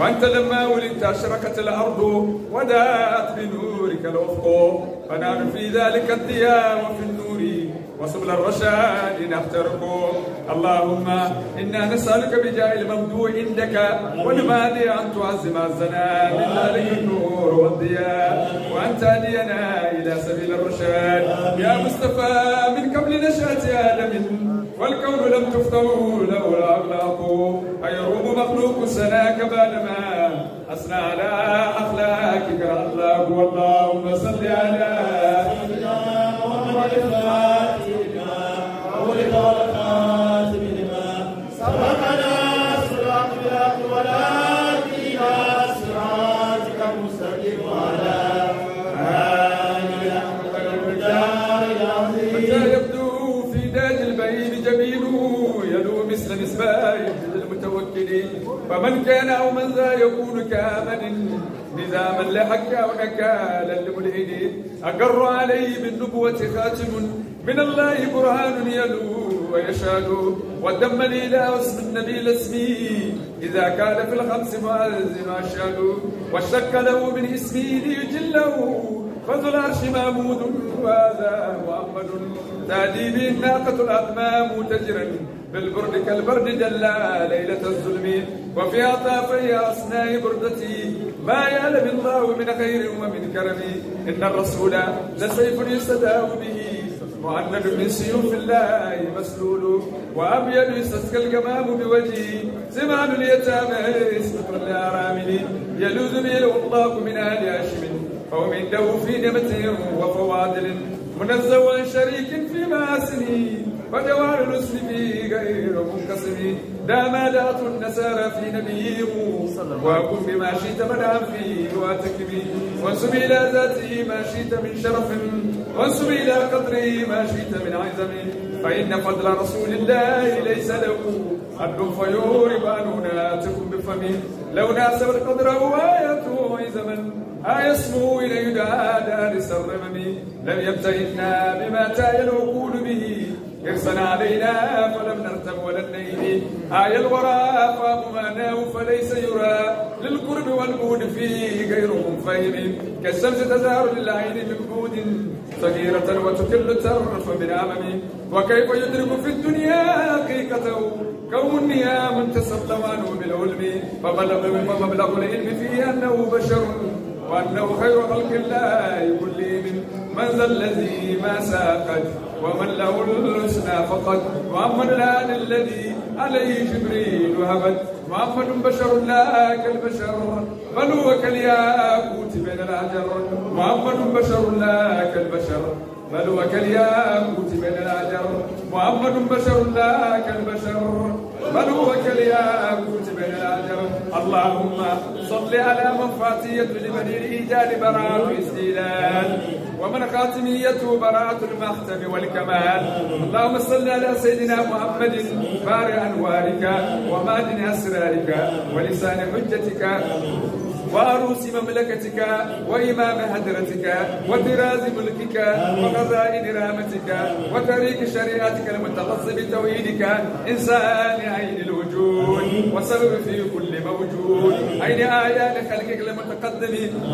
وأنت لما ولدت أشرقت الأرض وداءت بنورك الأفق فنحن في ذلك الضياء وفي النور وسبل الرشاد نفترق اللهم إنا نسألك بجاه الممدوح عندك ولماذا أن تعزم عزنا من ذلك النور والضياء وأن تهدينا إلى سبيل الرشاد يا مصطفى والكون لم تفطره لولا الاخلاق أيروم مخلوق سناك ما أثنى على أخلاقك الأخلاق اللهم صل على سيدنا محمد ومن كان أو من ذا يكون كامل نظاما لحكا ونكالا لملئين أقر عليه بالنبوة خاتم من الله برهان يلو ويشهد لي لا اسم النبي لاسمه إذا كان في الخمس مؤذن أشهد واشتك له من اسمه ليجله فذو العرش مامود وهذا مؤمن تهدي به الناقة الأقمام تجرا بالبرد كالبرد دلا ليلة الظلم وفي أطافي أصناء بردتي ما يعلم الله من خير ومن كرم إن الرسول لسيف يستداو به مؤنب من سيوف الله مسلول وابيض يستسقى القمام بوجهه زمان اليتامى استقر الأرامل يلوذ به الله من ال هاشم فهو عنده في نعمه وفوادل منزه عن شريك في ماسنه وجوار المسلمين غير منقسم دام دات النسارى في نبيه وكن بما شئت مدعا فيه واتكبي وانسب إلى ذاته ما شئت من شرف وانسب إلى قدره ما شئت من عزم فإن فضل رسول الله ليس له حد فيورب أن ناتق بفمه لو ناسبت قدره آياته زمن أيسمو إلى يدعى دار السرمم لم يبتئنا بما تايل العقول به حرصا علينا فلم نرتب ولا الليل آي الورى فاض معناه فليس يرى للقرب والبود فيه غير منفهم كالشمس تزهر للعين من بود صغيرة وتكل ترف من عمم وكيف يدرك في الدنيا حقيقته كون يا نيام تسلمانه بالعلم فبلغ فمبلغ العلم فيه أنه بشر وأنه خير خلق الله كلهم من ذا الذي ما ساقت ومن له الحسنى فقد وأما الآن الذي عليه جبريل وهبت محمد بشر لا كالبشر بل هو كالياقوت بين الاجر محمد بشر لا كالبشر بل هو كالياقوت بين الأجر محمد بشر لا كالبشر بل هو كالياء كتب الآدم اللهم صل على من فاتية لبني الإيجاد براءة الزلال ومن خاتميته براءة المختم والكمال اللهم صل على سيدنا محمد فارع أنوارك ومادن أسرارك ولسان حجتك وعروس مملكتك وإمام هدرتك وطراز ملكك وخزائن رحمتك وطريق شريعتك المتخص بتوحيدك إنسان عين الوجود وسبب في كل موجود عين آيات خلقك المتقدم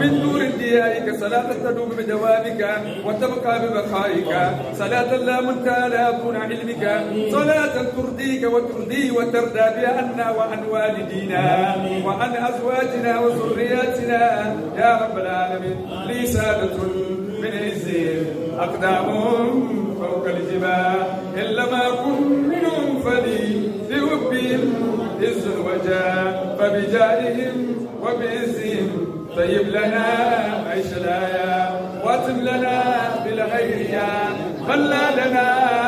من نور ديائك صلاة تدوم بدوامك وتبقى ببقائك صلاة لا منتهى لها دون علمك صلاة ترضيك وترضي وترضى بها عنا وعن والدينا وعن أزواجنا وذرياتنا ذريتنا يا رب العالمين لي سادة من عزهم أقدامهم فوق الجبال إلا ما كن منهم فلي لوبهم عز وجاء فبجارهم وبعزهم طيب لنا عيش الآية واتم لنا بالخير يا خلى لنا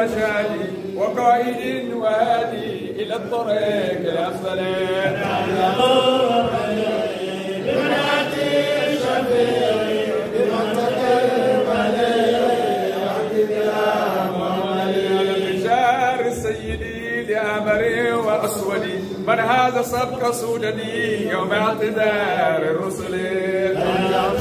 وشادي وقائد وهادي إلى الطريق الأفضل بناتي شفيعي من هذا سبق سودني يوم اعتذار الرسل يا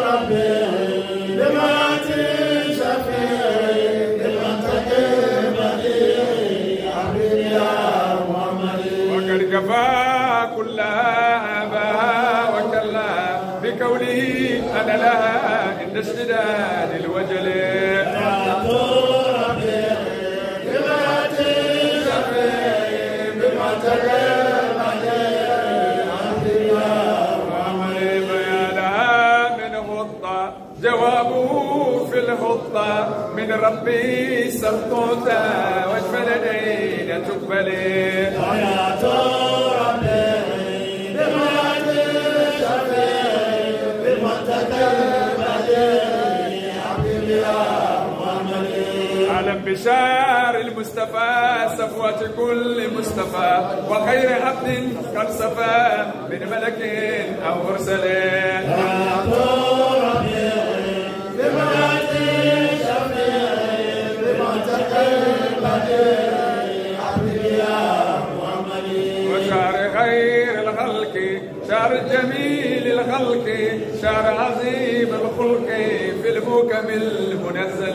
ربي لما كلها أباها وكلا بكونه أنا لها إن اشتداد الوجل جوابه في الهضة من ربي سرطوطة وجبلني لا تقبلي يا بشار المصطفى صفوة كل مصطفى وخير عبد قد صفى من ملك أو مرسل شهر الجميل الخلق شهر عظيم الخلق في المكمل المنزل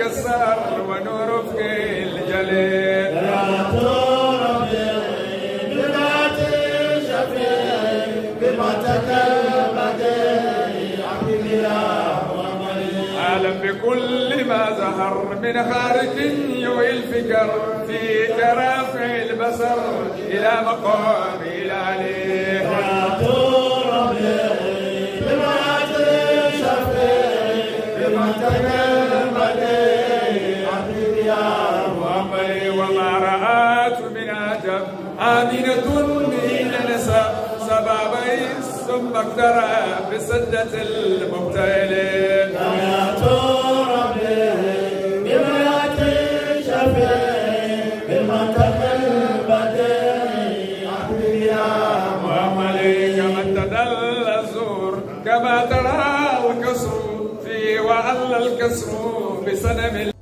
كسر ونوره في ربي بما عبد أعلم بكل ما ظهر من خارج يوي الفكر في ترافع البصر إلى مقام العلي يدلني لنسى سبابي ثم اقدر بسدة المبتلين حياة ربي بمرأة شفيع بالمنطق البديع يا وعملي كما تدل الزور كما ترى الكسر في وعلى الكسر بسنم